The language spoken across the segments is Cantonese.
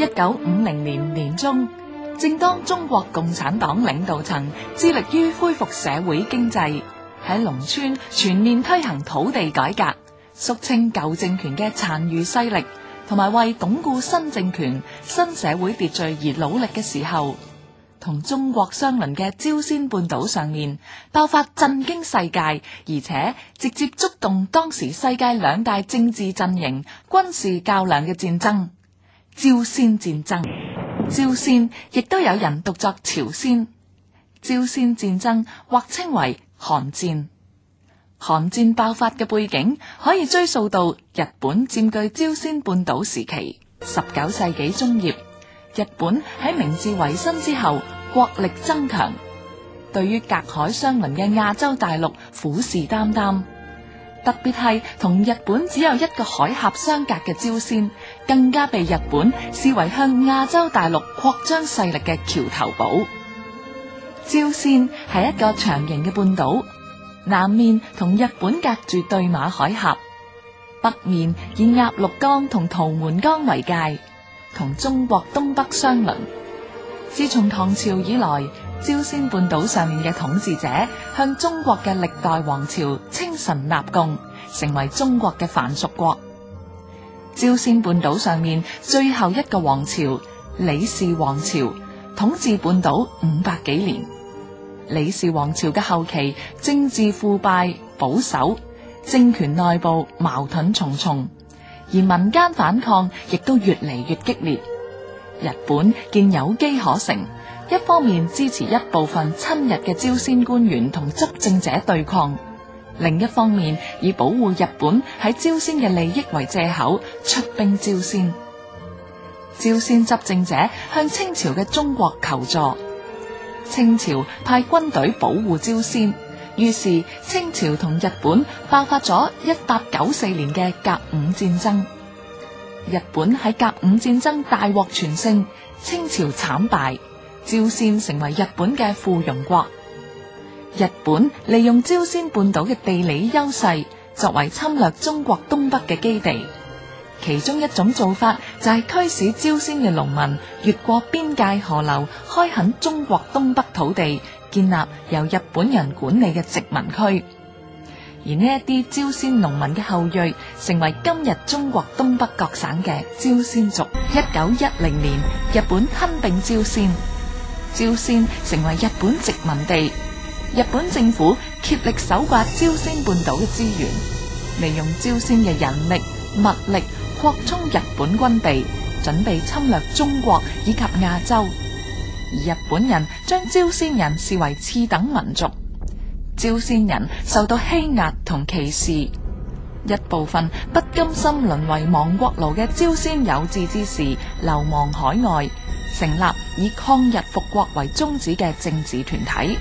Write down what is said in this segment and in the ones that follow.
一九五零年年中，正當中國共產黨領導層致力於恢復社會經濟、喺農村全面推行土地改革、肅清舊政權嘅殘餘勢力，同埋為鞏固新政權、新社會秩序而努力嘅時候，同中國相鄰嘅朝鮮半島上面爆發震驚世界，而且直接觸動當時世界兩大政治陣營軍事較量嘅戰爭。朝鮮戰爭，朝鮮亦都有人讀作朝鮮。朝鮮戰爭或稱為韓戰。韓戰爆發嘅背景可以追溯到日本佔據朝鮮半島時期，十九世紀中葉，日本喺明治維新之後國力增強，對於隔海相鄰嘅亞洲大陸虎視眈眈。特別係同日本只有一個海峽相隔嘅朝鮮，更加被日本視為向亞洲大陸擴張勢力嘅橋頭堡。朝鮮係一個長形嘅半島，南面同日本隔住對馬海峽，北面以鴨綠江同圖門江為界，同中國東北相鄰。自從唐朝以來，朝鮮半島上面嘅統治者向中國嘅歷代王朝稱臣納貢。成為中國嘅藩屬國，朝鮮半島上面最後一個王朝李氏王朝統治半島五百幾年。李氏王朝嘅後期政治腐敗、保守，政權內部矛盾重重，而民間反抗亦都越嚟越激烈。日本見有機可乘，一方面支持一部分親日嘅朝鮮官員同執政者對抗。另一方面，以保護日本喺朝鮮嘅利益為借口出兵朝鮮，朝鮮執政者向清朝嘅中國求助，清朝派軍隊保護朝鮮，於是清朝同日本爆發咗一八九四年嘅甲午戰爭。日本喺甲午戰爭大獲全勝，清朝慘敗，朝鮮成為日本嘅附庸國。日本利用朝鮮半島嘅地理優勢，作為侵略中國東北嘅基地。其中一種做法就係驅使朝鮮嘅農民越過邊界河流，開墾中國東北土地，建立由日本人管理嘅殖民區。而呢一啲朝鮮農民嘅後裔，成為今日中國東北各省嘅朝鮮族。一九一零年，日本吞併朝鮮，朝鮮成為日本殖民地。日本政府竭力搜刮朝鮮半島嘅資源，利用朝鮮嘅人力物力擴充日本軍備，準備侵略中國以及亞洲。而日本人將朝鮮人視為次等民族，朝鮮人受到欺壓同歧視。一部分不甘心淪為亡國奴嘅朝鮮有志之士，流亡海外，成立以抗日復國為宗旨嘅政治團體。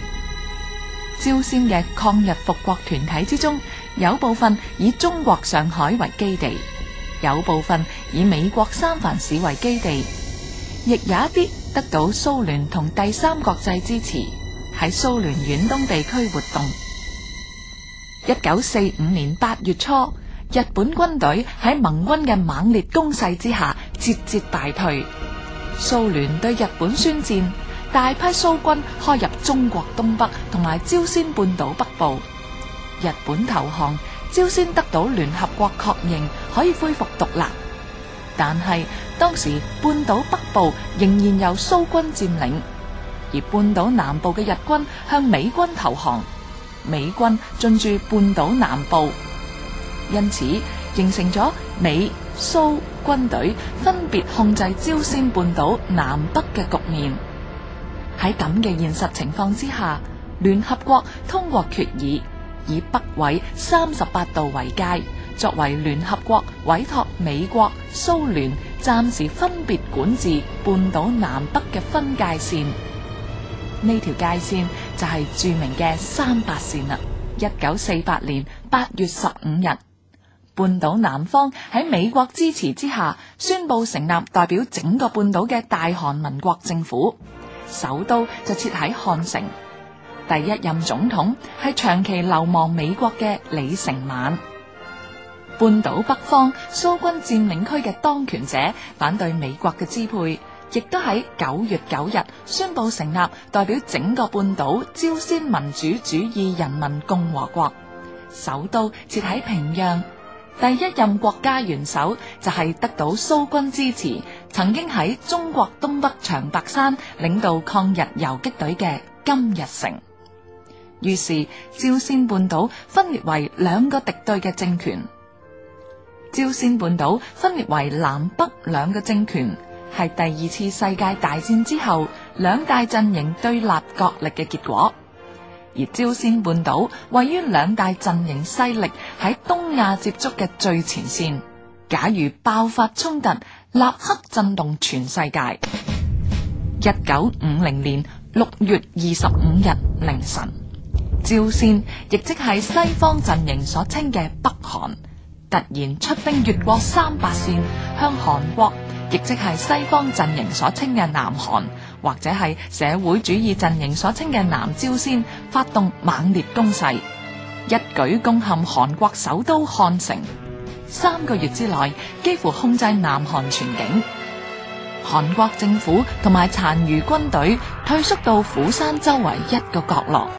朝鮮嘅抗日復國團體之中，有部分以中國上海為基地，有部分以美國三藩市為基地，亦有一啲得到蘇聯同第三國際支持，喺蘇聯遠東地區活動。一九四五年八月初，日本軍隊喺盟軍嘅猛烈攻勢之下，節節敗退，蘇聯對日本宣戰。大批蘇軍開入中國東北同埋朝鮮半島北部，日本投降，朝鮮得到聯合國確認可以恢復獨立，但係當時半島北部仍然由蘇軍佔領，而半島南部嘅日軍向美軍投降，美軍進駐半島南部，因此形成咗美蘇軍隊分別控制朝鮮半島南北嘅局面。喺咁嘅現實情況之下，聯合國通過決議，以北緯三十八度為界，作為聯合國委託美國、蘇聯暫時分別管治半島南北嘅分界線。呢條界線就係著名嘅三八線啦。一九四八年八月十五日，半島南方喺美國支持之下，宣佈成立代表整個半島嘅大韓民國政府。首都就設喺漢城，第一任總統係長期流亡美國嘅李承晚。半島北方蘇軍佔領區嘅當權者反對美國嘅支配，亦都喺九月九日宣布成立代表整個半島朝鮮民主主義人民共和國，首都設喺平壤，第一任國家元首就係得到蘇軍支持。曾經喺中國東北長白山領導抗日游擊隊嘅金日成。於是朝鮮半島分裂為兩個敵對嘅政權。朝鮮半島分裂為南北兩個政權，係第二次世界大戰之後兩大陣營對立角力嘅結果。而朝鮮半島位於兩大陣營勢力喺東亞接觸嘅最前線，假如爆發衝突，立刻震動全世界。一九五零年六月二十五日凌晨，朝鮮亦即係西方陣營所稱嘅北韓，突然出兵越過三八線，向韓國亦即係西方陣營所稱嘅南韓，或者係社會主義陣營所稱嘅南朝鮮，發動猛烈攻勢，一舉攻陷韓國首都漢城。三個月之內，幾乎控制南韓全境。韓國政府同埋殘餘軍隊退縮到釜山周圍一個角落。